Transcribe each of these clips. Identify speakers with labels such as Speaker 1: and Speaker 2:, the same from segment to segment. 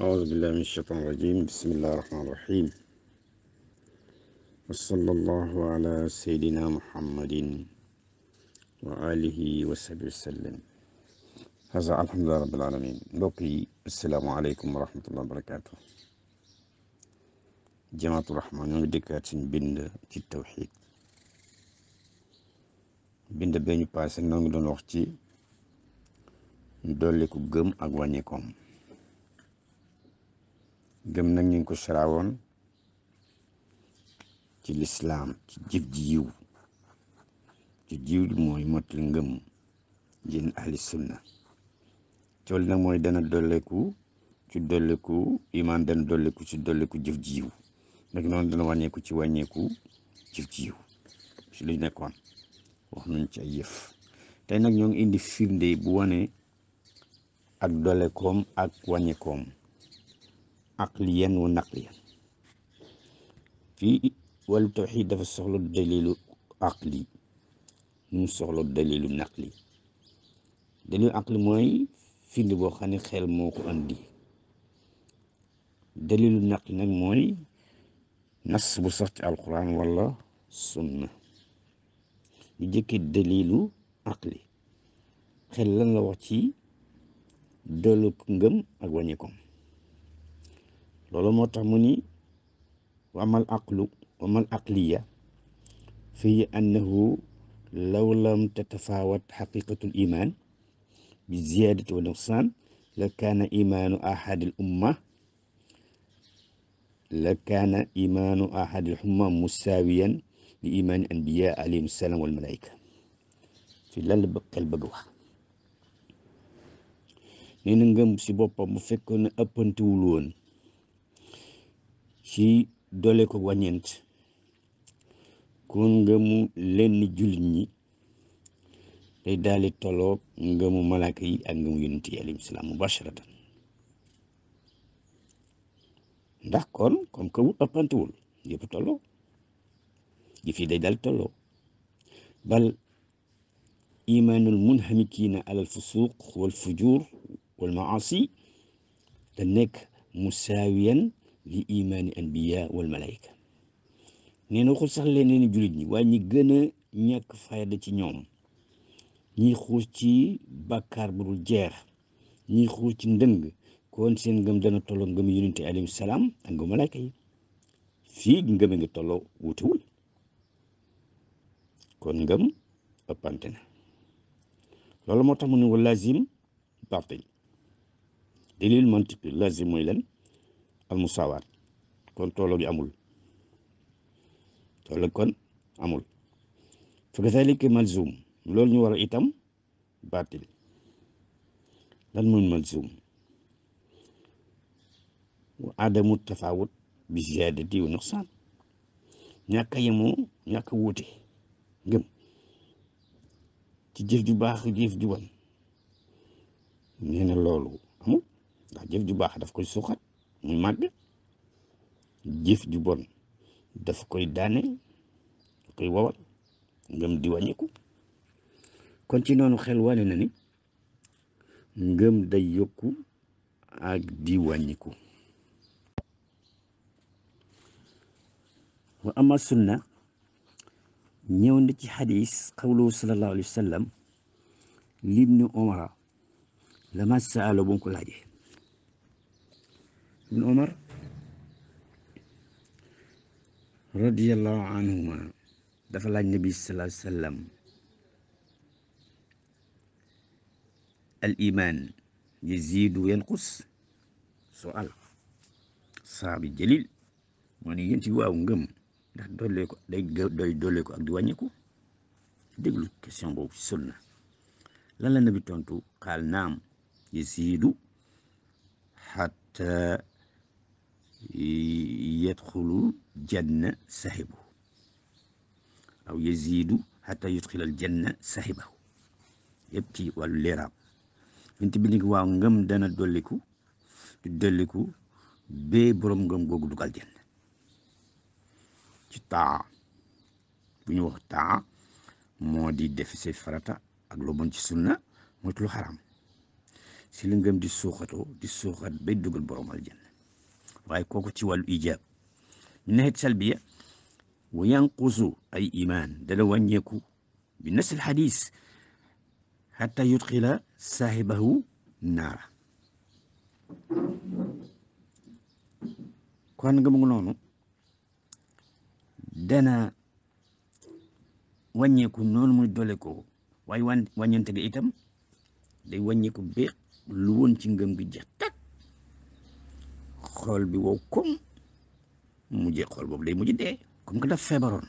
Speaker 1: أعوذ بالله من الشيطان الرجيم بسم الله الرحمن الرحيم وصلى الله على سيدنا محمد وآله وصحبه وسلم هذا الحمد لله رب العالمين بقي السلام عليكم ورحمة الله وبركاته جماعة الرحمن ودكات بند في التوحيد بند بين باسن دون وقتي دولي جم گم gëm nag ñu ngi ko saraawoon ci lislaam ci jëf ji yiw ci jiw ji mooy mottali ngëm jën ahli sunna tool nag mooy dana dolleku ci dolleku iman dana dolleku ci dolleku jëf ji yiw nag noonu dana wàññeeku ci wàññeeku jëf ji yiw ci luñ nekkoon wax nañ ci ay te nag ñoo ngi indi firnde bu wane ak dollekoom ak wàññeekoom aqliyan wa naqliyan fii wàllu tawxiid dafa soxla dalilu aqli nu mu soxla dalilu naqli dalilu aqli mooy firnde boo xam ne xel moo ko andi dalilu naqli nag mooy nas bu sax ci alquran wala sunna ñu jëkkee dalilu aqli xel lan la wax ci doolu ngëm ak wàññi koom loolu moo tax mu ni wamal aqlu wamal aqliya fii annahu law lam tatafaawat xaqiqatul iman bi ziyadati wa nuqsaan la kaana imaanu ahadil umma la kaana imaanu ahadil umma musaawiyan li imaani anbiya alayhim salaam wal malaayika fi lan la bëgg xel bëgg wax nee na ngëm si boppam bu fekkoon ne ëppantiwul woon ci doole ko wàññeent kon ngëmu lenn jullit ñi day daali toloog ngëmu malaaka yi ak ngëmu mu yi alayhim ndax kon comme que wut ëppantewul yëpp tolloo jëf yi day daal tolloo bal imaanul munhamikiina alal fusuuq wal fujuur wal maasi da musaawiyan li imaani anbiya wal malaayika nee na waxul sax leneen ni jullit ñi waaye ñi gën a ñàkk fayda ci ñoom ñiy xuus ci bàkkaar bu dul jeex ñiy xuus ci ndëng kon seen ngëm dana tolloo ngëm yonente alayhi salaam ak ngëm malaayika yi fii ngëm a ngi tolloo wutiwul kon ngëm ëppante loolu moo tax mu ne wa lazim baatil dalil mantiqi lazim mooy lan al musaawaat kon tooloo gi amul tooloo kon amul fa kazalika malzum loolu ñu war a itam baatil lan mooy malzum wa adamu tafawut bi ziyaadati wa nuqsaan ñàkk a yemoo ñàkk a wuute ngëm ci jëf ju baax jëf ju bon nee na loolu amul ndax jëf ju baax daf koy suuxat mu màgg jëf ju bon daf koy daaneel koy wawal ngëm di wàññiku kon ci noonu xel wane na ngëm day yokku ak di wàññiku wa ama sunna ñëw na ci xadis xawluhu sallallahu alayhi wa sallam libni omara lama saalo bu mu ko laajee ibn Umar radiyallahu anhuma dafa laaj nabi sallallahu alayhi wa sallam al iman yaziidu wa yanqus sual saabi jalil moo ne yéen ci waaw ngëm ndax doole ko day day doole ko ak di wàññiku déglu question boobu ci sunna lan la nabi tontu xaal naam yaziidu xatta yadxulu jenn sahibu aw yazidu xata yudxila al janna sahibahu yëpp ci wàllu leeraam yonent bi ni ko waaw ngëm dana dolliku di dolliku bee boroom ngëm googu dugal janna ci taa bu ñu wax taa moo di def farata ak lu ci sunna moytu lu xaraam si li ngëm di suuxatoo di suuxat bay dugal boroom aljanna waaye kooku ci wàllu ijaab ñu nexet salbiya wa yanqusu ay iman dala wàññeeku bi nasl xadis xata yudxila saahibahu naara kon nga mu noonu dana wàññeeku noonu mu doole ko waaye wàññante ga itam day wàññeeku ba lu ci ngëm gi jeex xool bi wow xool boobu day mujj dee comme daf feebaroon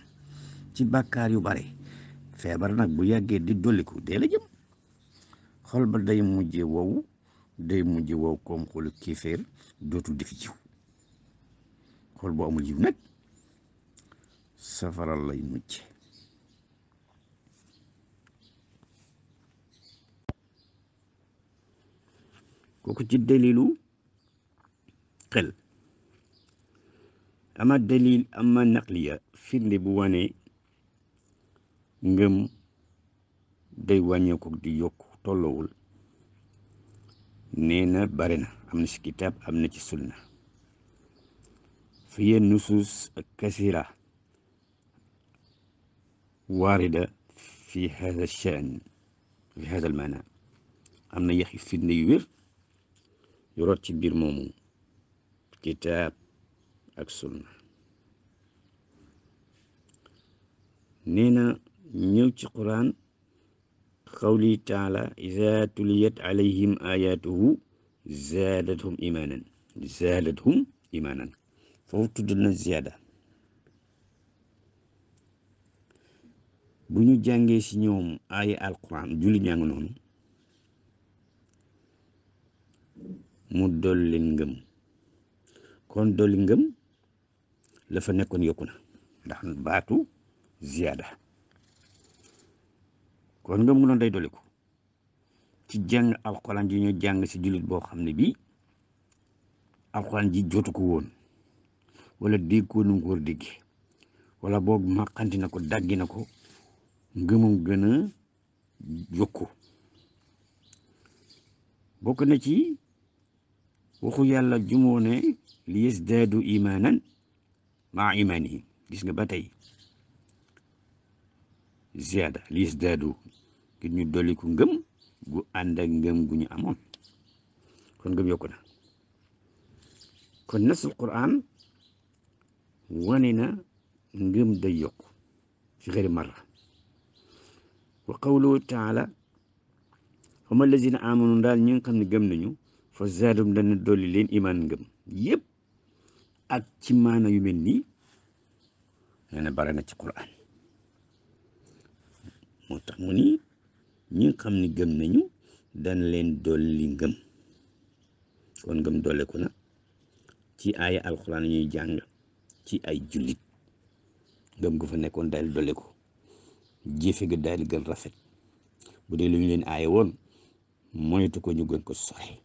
Speaker 1: ci bàkkaar yu bare feebar nag bu yàggee di dolliku dee la jëm xool ba day mujje wow dootul di xool boo amul nag safaral lay mujje kooku ci dalilu xel ama dalil ama naqliya firnde bu wane ngëm day wàññeeku di yokk tollowul nee na bare na am na ci am na ci sunna fi yenn nusuus kasira waarida fi hada shan fi hada almaana am na yaxi firnde yu ci mbir moomu kitaab ak sunna nee na ñëw ci quran qawli taala ida tuliyat alayhim ayatuhu zaadathum imaanan zaadathum imaanan foofu tudd ziyaada bu ñu si ñoom aaya alquran julli ñaa ngi noonu mu dolli kon dolli ngëm la fa nekkoon yokku na ndax baatu ziyaada kon ngëm ngu doon day dolli ko ci jàng alxuraan ji ñu jàng si jullit boo xam ne bii alxuraan ji jotu ko woon wala dégg ko nu ko war wala boo màqanti na ko daggi na ko ngëmam gën a yokku waxu yàlla jumoo ne li yasdaadu imaanan maa imaanihim gis nga ba tey ziyaada li yasdaadu ngir ñu dolliku ngëm gu ànd ak ngëm gu ñu amoon kon ngëm yokku na kon nasul quran wane na ngëm day yokku fi xëri marra wa qawluhu taala xama allazina amanu daal ñi nga xam ne gëm nañu fa zaadum dana dolli leen imaan ngëm yëpp ak ci maana yu mel nii nee na na ci Qur'an moo tax mu ni ñi xam ni gëm nañu dana leen dolli ngëm kon ngëm dolleku na ci aaya alxuraan ñuy jàng ci ay jullit ngëm gu fa nekkoon daal ko jëfe ga daal gën rafet bu dee lu leen aaye woon moytu ko ñu gën ko sore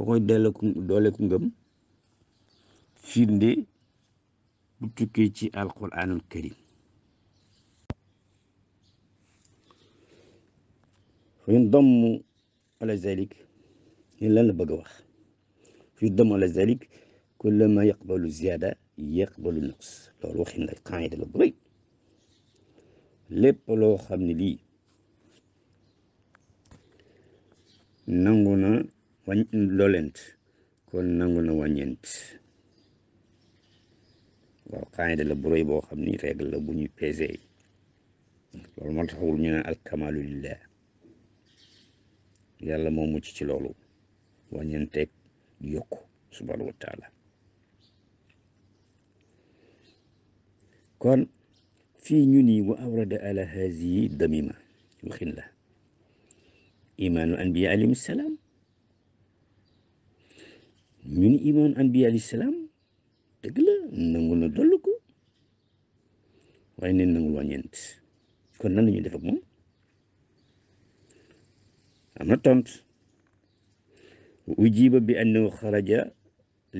Speaker 1: ko koy delleeku dooleeku ngëm firnde bu tukkee ci alquranul karim fi damm ala zalik ni lan la bëgg a wax fi damm ala zalik kullama yaqbalu ziyada yaqbalu nuqs loolu waxin la qaida la bu rëy lépp loo xam ne lii nangu na ولولنت كون نانغو نو وانيانت واو قايد لا بروي بو خامني ريغل لا بو ني بيزي لول مون تخول ني نان الكمال لله يالا مومو تي تي لولو وانيانت يوكو سبحانه وتعالى كون في نيوني واورد على هذه الدميمه وخين لا ايمان الانبياء عليهم السلام ñu ni imaam anbiya alayhi salaam dëgg la nangu na dollu ko waaye neen nangu kon nan la ñuy def ak moom am na tont ujiba bi annahu xaraja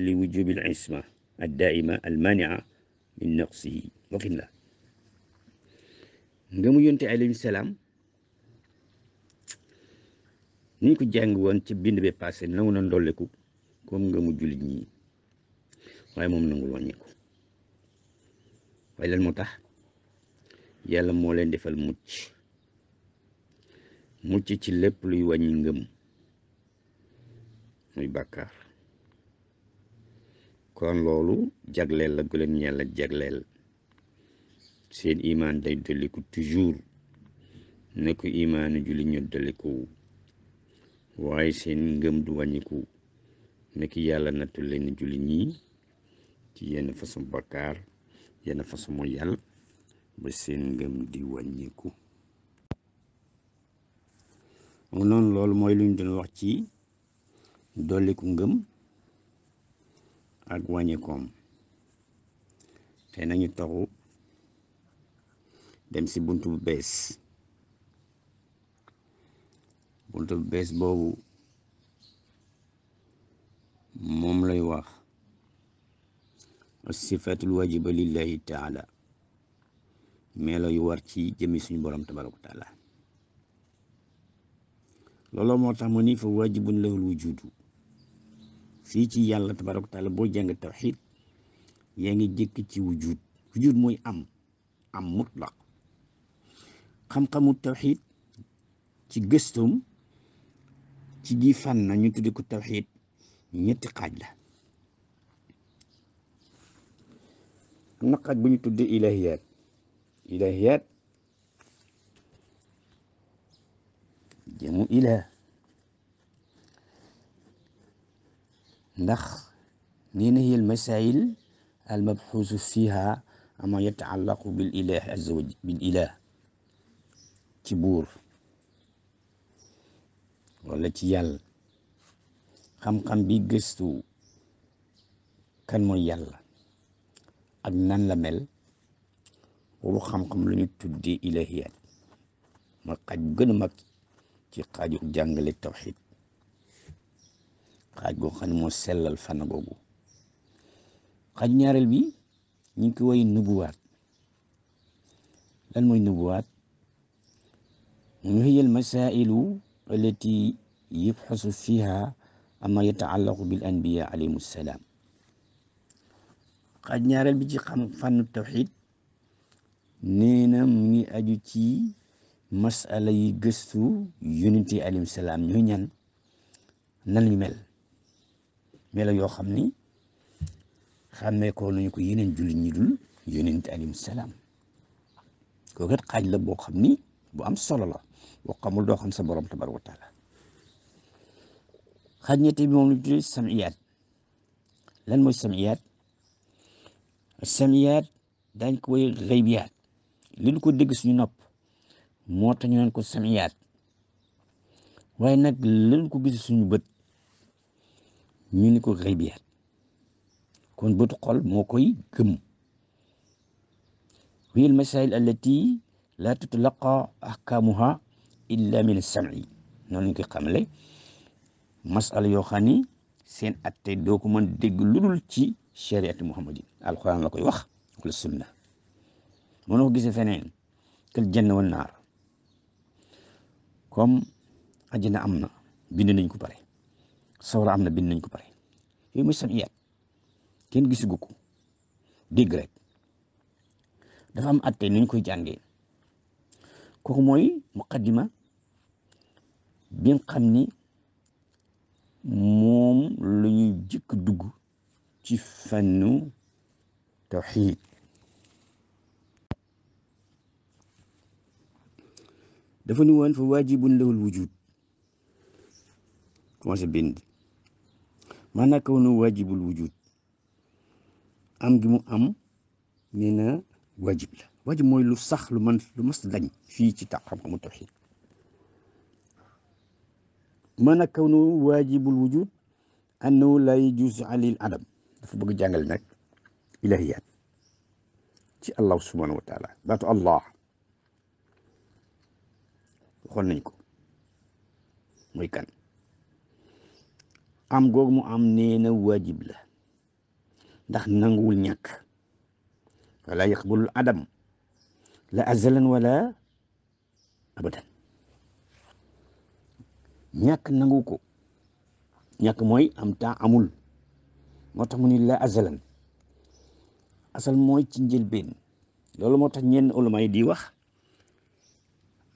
Speaker 1: li wujubi al isma ad daaima al mania min naqsihi waxin la nga mu yonte alayhi salaam ni ñu ko jàng woon ci bind bi passé nangu na ndolleku comme nga mu jullit ñi waaye moom nangul wàññiku waaye lan moo tax yàlla moo leen defal mucc mucc ci lépp luy wàññi ngëm muy bàkkaar kon loolu jagleel la gu leen yàlla jagleel seen imaan day dolliku toujours ne ko imaanu ñu dolliku waaye seen ngëm du wàññiku nek yalla natul len julli ni ci yenn façon bakkaar yenn façon mo yalla ba seen ngëm di wàññiku mu lol loolu mooy lu ñu wax ci dolliku ngëm ak wàññikoom te nañu dem ci buntu bu buntu bu mom lay wax sifatul wajiba lillahi taala melo yu war ci jëmi suñu borom tabaraku taala lolo tax fa wajibun lahul wujudu fi ci yalla tabaraku taala bo jeng tawhid ya ngi ci wujud wujud moy am am mutlaq xam-xamu tawhid ci gëstum ci gi fànn ñu tuddi ko tawhid ñetti xaj la am na xaaj bu ñu tudde ilahiyaat ilahiyaat jëmu ila ndax nee na hiya almasail almabxuusu fiha ama yataallaqu bil ilah azza wa bil ilah ci buur wala ci yàlla xam-xam bi gëstu kan mooy yàlla ak nan la mel boobu xam-xam lu ñu tuddee ilahiyaat ma xaaj gën mag ci xaaju jàngale tawxid xaaj goo xam ne moo sellal fànn googu ñaareel bi ñu ngi ko woy nubuwaat lan mooy nubuwaat mu hiya al masailu allati yubxasu fiha amma yataallaqu bil anbiya alayhim salaam xaaj ñaareel bi ci xam fànnu tawxid nee na mu ngi aju ci masala yi gëstu yonent yi alayhim salaam ñooy ñan nan ñu mel melo yoo xam ni xàmmee ko nañu ko yeneen jullit ñi dul yonent alayhim salaam kooku it xaaj la boo xam ni boo am solo la boo xamul doo xam sa borom tabaaraka taala خدني تيمون نجري السمعيات لن مو سمعيات السمعيات دان كوي غيبيات لن كو ديكس ينوب موت نيوان كو السمعيات واي نك لن كو جيس نيوبت نيوان كو غيبيات كون بوت قول موكوي كم وهي المسائل التي لا تتلقى أحكامها إلا من السمعي نوني كي قاملي masala yoo xam ni seen atte doo ko mën dégg lu dul ci chariatu muhammadin alquran la koy wax wala sunna mënoo ko gisee feneen kal janna wan naar comme àjjana am na bind nañ ko pare sawara am na bind nañ ko pare yooyu mooy sam iyaat kenn gisugu ko dégg rek dafa am atte nuñ koy jàngee kooku mooy muqaddima bi nga xam ni moom lu ñuy jëkk dugg ci fànnu tawxiid dafa ni woon fa waajibun lawul wujud commencé bind maanaam kaw na waajibul wujud am gi mu am nee na waajib la waajib mooy lu sax lu man mas dañ fii ci ta xam-xamu tawxiid من كونه واجب الوجود أنه لا يجوز على العدم فبقى جانجل نك إلهيات تي الله سبحانه وتعالى ذات الله خلنا نكو ميكان أم غوغ مو أم نينا واجب له داخ ننغول نيك ولا يقبل العدم لا أزلا ولا أبدا ñàkk nangu ko ñàkk mooy am temps amul moo tax mu ni la azalan asal mooy ci njëlbeen loolu moo tax ñenn ulama yi di wax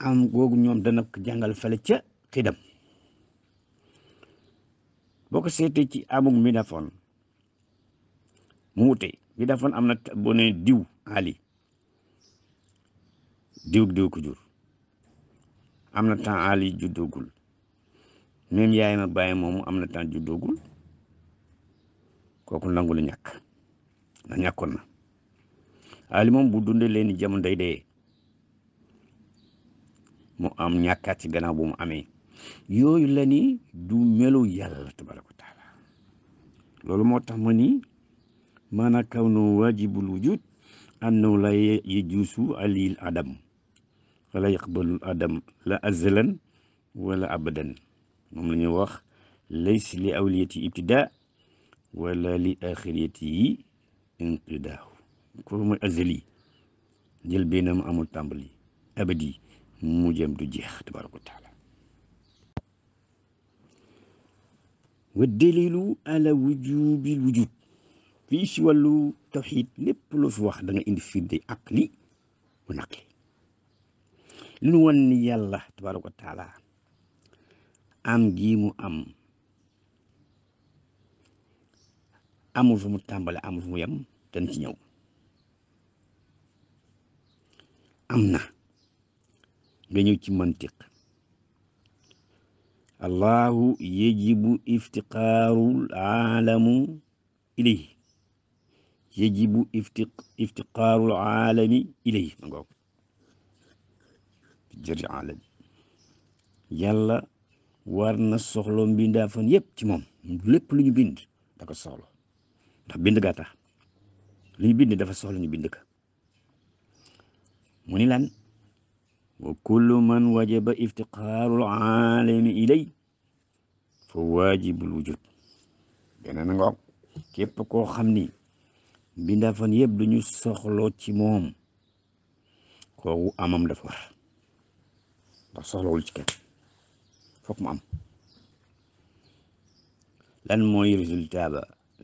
Speaker 1: am googu ñoom dana ko jàngal fële ca xidam boo ko seetee ci amug midafon mu wute midafon am na boo nee diw ali diw diw ko jur am na temps ali juddoogul même yaay ma bàyyi moomu am na temps juddoogul kooku nangu la ñàkk na ñàkkoon na ali moom bu dundee leen ni jamono day dee mu am ñàkkaat ci bu mu amee yooyu la ni du melu yàlla tabaraka wa loolu moo tax ma ni maanaam kaw no waajibul wujud annahu la yajuusu alil adam wala yaqbalul adam la azalan wala abadan مم لنيو واخ ليس لأولية ابتداء ولا لآخريتي انقداء كوم أزلي ديال بينام أمول تامبلي أبدي موجام دو جيخ تبارك وتعالى والدليل على وجوب الوجوب في شوالو توحيد لب لوف إن في اندي أقلي ونقلي لنوان يالله تبارك وتعالى am gii mu am amul fu mu tàmbale amul fu mu yem am na nga ci mantiq allahu yajibu iftiqaarul aalamu ilayhi yajibu iftiq iftiqaarul aalami ilayhi ma ngoog jëri aalami yàlla warna na mbinda fon yep ci mom lepp luñu bind da ko soxlo ndax bind ga tax li bind dafa soxlo ñu bind ka muni ni lan wa kullu man wajaba iftiqaarul aalami ilay fa wajibul wujud beneen nga képp koo xam ni mbindaafan yépp du ñu ci mom ko amam dafa war ndax soxlawul ci kenn foog mu am lan mooy résultat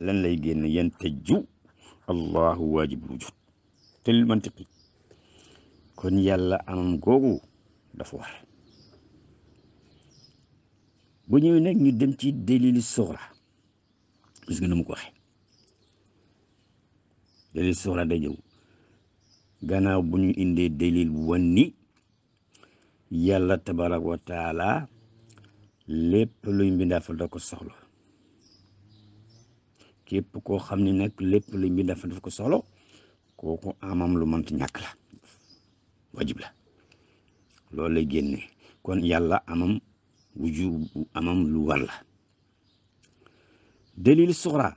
Speaker 1: lan lay génn yanteju allahu waajibul wujud te lil mantiqi kon yàlla amam googu dafa war bu ñëwee ñu dem ci dalilu suxra gis nga nu mu ko waxee dalilu suxra day ñëw gannaaw bu indee dalil bu wan ni yàlla tabaraka lépp luy mbindaafal da ko soxla képp koo xam ni nag lépp luy mbindaafal daf ko soxla kooku amam lu mënta ñàkk la wajib la loolu lay génne kon yàlla amam wujub amam lu war la dalil suxra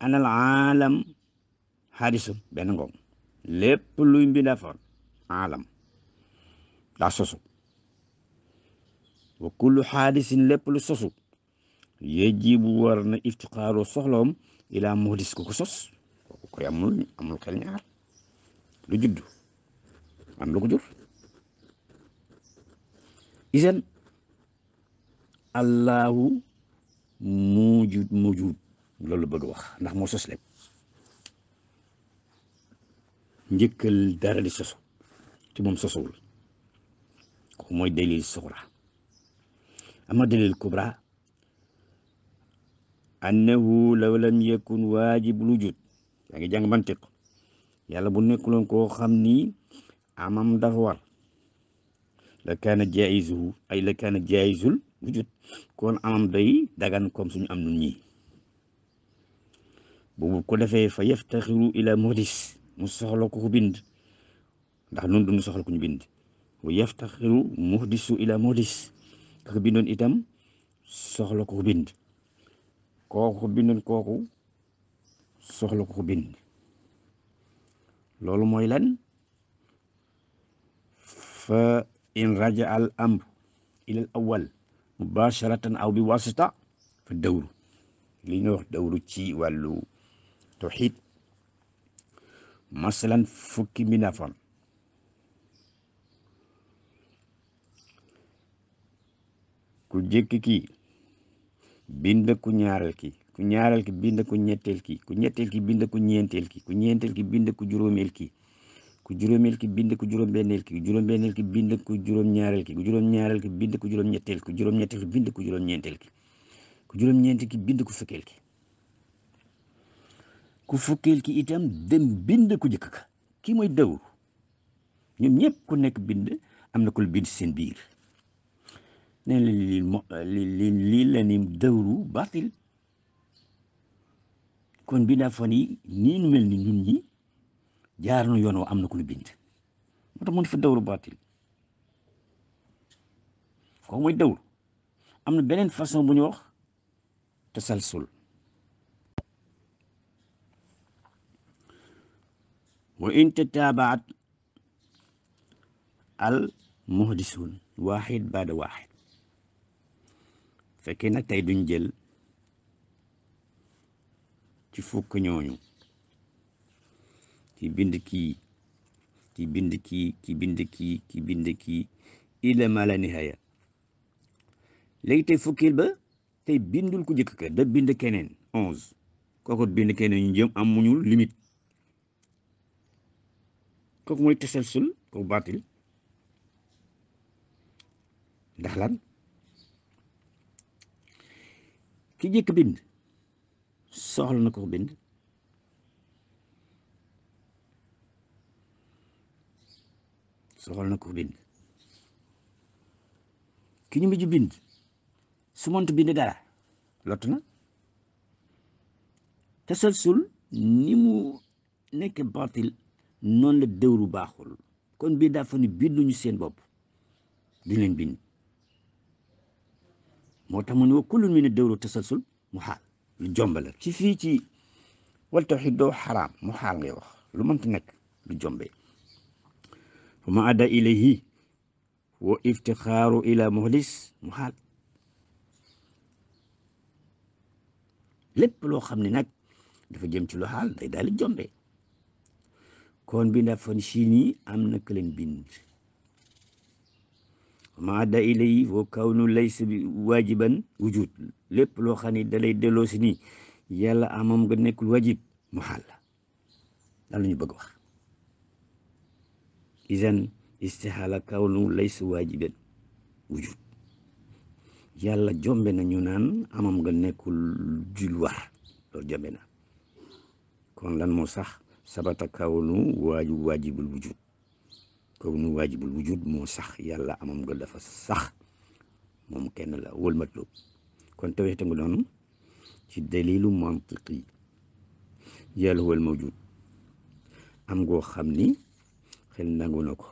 Speaker 1: anal aalam xaadisu benn ngoom lépp luy mbindaafal aalam daa sosu wa kullu xaadisin lépp lu sosu yajibu war na iftiqaaru soxloom ilaa muhdis ko ko sos kooku koy amul amul xel ñaar lu judd am lu ko jur isan allahu mujud mujud loolu bëgg wax ndax moo sos lépp njëkkal dara di sosu te moom sosowul kooku mooy dalil suxra amadalil kubra annahu law lam yakun waajib wujud yaa ngi jàng mantiq yàlla bu nekkuloon koo xam ni amam dafa war la kaana jaizuhu ay la kaana jaizul wujud kon amam day dagan comme suñu am nun ñi bu ko defee fa yaftaxiru ila muhdis mu soxla ko bind ndax nun duñu soxla ku ñu bind wa yaftaxiru muhdisu ila muhdis Kebinun idam, itam soxla ko bind kooku ko bindoon kooku soxla ko bind lolou moy lan fa in raja al amr ila al awal mubasharatan aw bi wasita fa dawru li ñu wax dawru ci walu tawhid masalan fukki minafan ku jëkki kii bind ku ñaareel ki ku ñaareel ki bind ku ñetteel ki ku ñetteel ki bind ku ñeenteel ki ku ñeenteel ki bind ku juróomeel ki ku juróomeel ki bind ku juróom-benneel ki ku juróom ki bind ku juróom-ñaareel ki ku juróom-ñaareel ki bind ku juróom-ñetteel ku juróom-ñetteel ki bind ku juróom-ñeenteel ki ku juróom-ñeenteel ki bind ku fukkeel ki ku fukkeel ki itam dem bind ku jëkk ka kii mooy dawru ñoom ñëpp ku nekk bind am na kul bind seen biir اللي اللي مدورو باطل نين ملني نين يونو امنا كل بنت موتا موني في الدورو وإن تتابعت المهدسون واحد بعد واحد fekkee nag tey duñ jël ci fukk ñooñu ki bind kii ki bind kii ki bind kii ki bind kii ila ma la nihaya léegi tey fukkil ba tey bindul ku jëkk ka da bind keneen onze kooku bind keneen ñu jëm amuñul limite kooku mooy tasalsul kooku baatil ndax lan ki jëkk bind soxla na ko bind soxla na ko bind ki ñu mujj bind su mënut bind dara lot na tasalsul ni mu nekk baatil noonu la dëwru baaxul kon bii dafa ni binduñu seen bopp duñ leen bind موتامون وكل من الدور التسلسل محال الجنبلة تفيتي والتوحيد حرام محال غيوخ لمن تنك الجنبي فما أدى إليه وافتخار إلى مهلس محال لب لو خمني نك دفا جمتي لو حال دا دا الجنبي كون بنا فنشيني أمنا كلين بنت ma adda ilay wa kawnu laysa waajiban wujud lépp loo xam ne dalay delloo si nii yàlla amam ga nekkul wajib mu xàll daal la ñu bëgg wax izan istixaala kawnu laysa waajiban wujud yàlla jombe na ñu naan amam nga nekkul jul war jombe na kon lan moo sax sabata kawnu waajib waajibul wujud kooku nu waajibul wujud moo sax yàlla amam nga dafa sax moom kenn la wal matlub kon tawhid nga noonu ci dalilu mantiqi yàlla wal mawjud am goo xam ni xel nangu na ko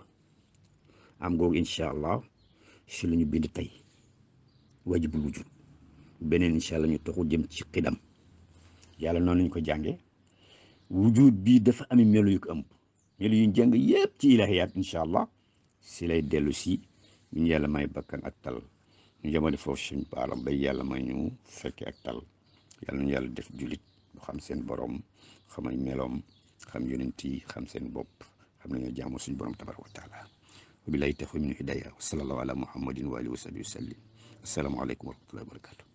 Speaker 1: am googu incha allah si lu ñu bind tey waajibul wujud beneen incha allah ñu taxu jëm ci xidam yàlla noonu lañ ko jànge wujud bii dafa ami melo yu ko ëmb melo yuñ jàng yëpp ci ilahiyaat incha allah si lay dellu si ñu may bakkan ak tal ñu jamono foofu suñu baaram bay may ñu fekke ak tal yàlla ñu yàlla def julit ñu xam seen borom xam ay meloom xam yonent yi xam seen bopp xam nañoo jaamu suñ borom tabaraka wa taala wa billahi tawfiq min hidaya wa sallallahu ala muhammadin wa alihi wa sahbihi wa sallim assalaamu aleykum wa barakatu